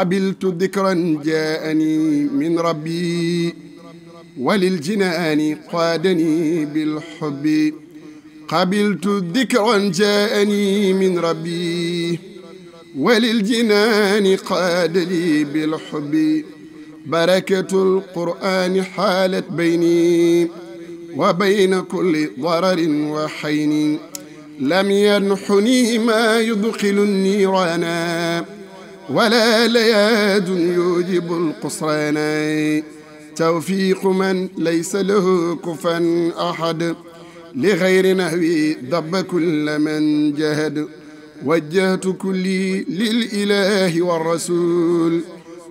قبلت ذكرا جاءني من ربي وللجنان قادني بالحب قبلت ذكرا جاءني من ربي وللجنان قادني بالحب بركة القرآن حالت بيني وبين كل ضرر وحين لم ينحني ما يدخل النيران ولا لياد يوجب القصران توفيق من ليس له كفا أحد لغير نهوي ضب كل من جهد وجهت كلي للإله والرسول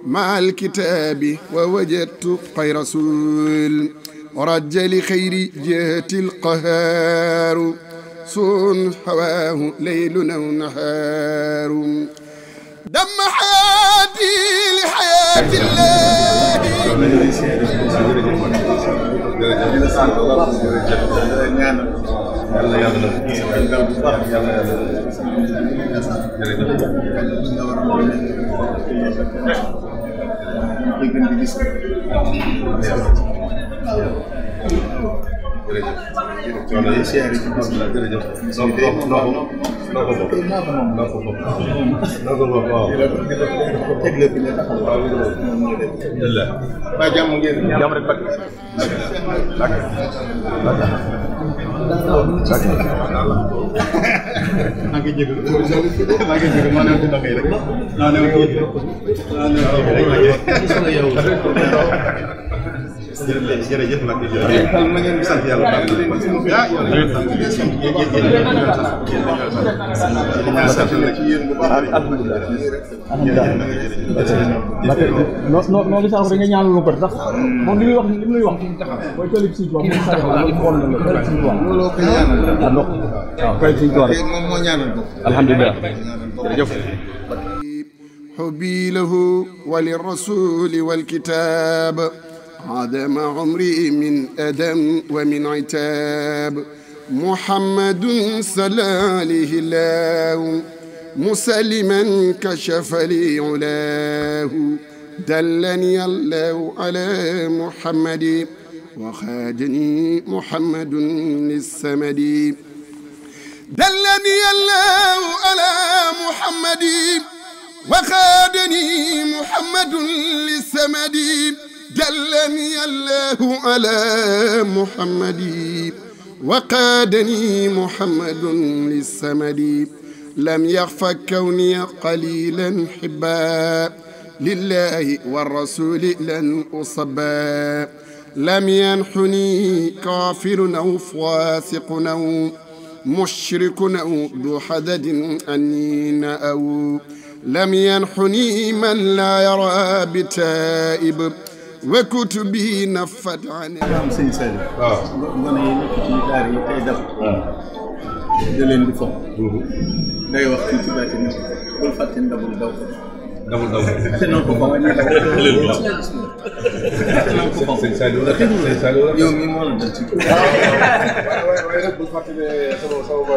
مع الكتاب ووجدت خير رسول ورج لخير جهة القهار صون هواه ليل ونهار dama xaati li xayaati llahi yàlla yàlla yàlla bu baax yàlla yàlla jërëjëf jërëjëf noo ko bokk noo ko bokk noo ko bokk waaw. jërëjëf jërëjëf. waaw jàmm ngeen. jàmm rek Bakk. Bakk Bakk. maa ngi jégalu maa ngi jégalu maa neew ci ndox yi rek. maa neew ci ndox yi rek. jërëjëf jërëjëf nag jërëjëf na ngeen sant yàlla baax na ah yàlla yàlla sant yéen sant yéen yéen sant yéen ci yéen bu baax alhamdulilah noonu li sax nga ñaanal ma ko tax moom li muy wax li muy wax mooy toolu ci moom mooy sax la ko xool la ko ci moom loo koy ñaanal ah ndox waaw koy ci door moom moo ñaanal ko alhamdulilah jërëjëf حبي له وللرسول والكتاب عدم عمري من أدم ومن عتاب محمد صلى عليه الله مسلما كشف لي علاه دلني الله على محمد وخادني محمد للسمد دلني الله على محمد وخادني محمد للسمد دلني الله على محمد وقادني محمد للسمد لم يخف كوني قليلا حبا لله والرسول لن أصبا لم ينحني كافر أو فاسق أو مشرك أو ذو حدد أنين أو لم ينحني من لا يرى بتائب wekkutu bii na fataane. am sëñ Sadio. waaw gone yi nekk ci daara yi ay dab. da leen di fox. day wax fii ci bàcc na bul fàtte ndabul daw. ndabul daw te noonu ko fox. te noonu ko fox. sëñ Sadio la sëñ Sadio la yow mii moo la dal ci. waaw waaw waaye nag bul fàtte ne sama sama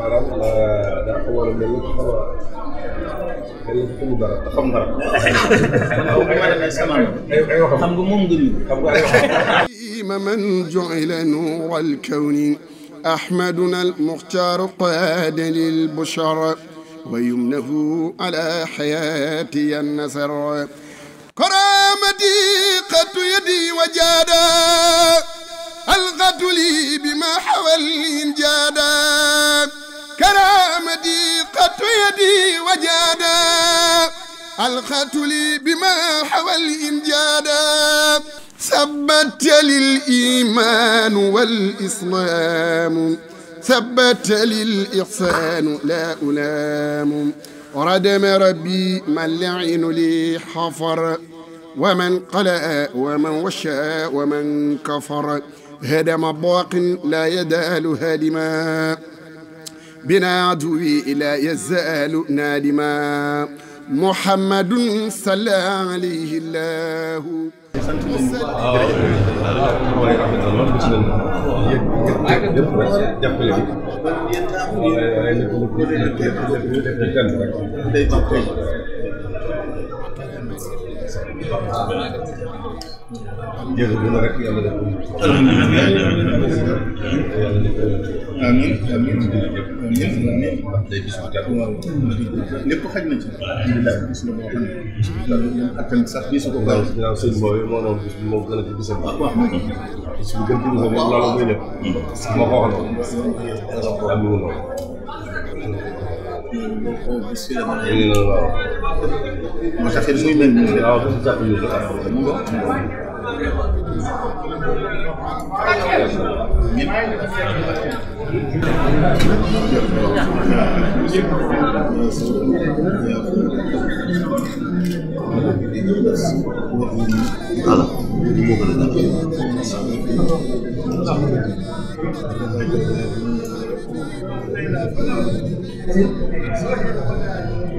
maanaam daa ko war a mel ni xaw a mel ni xamu dara te xam dara. xam nga moom nga ñu. xam nga ay waxam. man ju'ila nuura al-kawni أحمدنا المختار قاد للبشرى ويمنه على حياتي النسر كرامتي قد يدي وجادا الغد لي بما حوى الإنجادا كرامتي قط يدي وجادا الخط لي بما حوى الإنجادا ثبت للإيمان والإسلام ثبت للإحسان لا ألام وردم ربي من لعن لي حفر ومن قلأ ومن وشى ومن كفر هدم باق لا يدال هادما بنا عدوي لا يزال نادما محمد صلى عليه الله waaw jël bu ma rek yàlla def ko. yàlla def ko. amiin amiin amiin day bis bu tegu waaw lépp xaj na ci. alhamdulilah bis ko baax. waaw sëñ moo doon bis bi moom gën a ci bisam. waaw waaw bis bu gën ci bisam moom loolu muy ñëpp. moo ko waxoon. moo tax it muy mel nii waaw dafa jàpp yow dafa am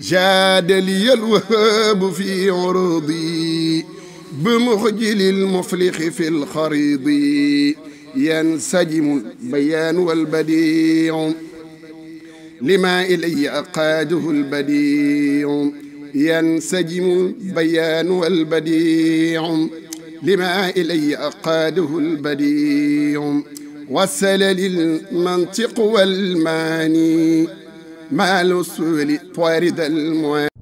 jaadali alwahaabu fi urudi bi muxjili almuflixi fi alxaridi yansajimu albayaan walbadiu lima ilaya aqaadahu albadiu yansajimu albayaan walbadiu lima ilaya aqaadahu albadiu wasala lilmantiq walmaani ما الوصول فارد المعين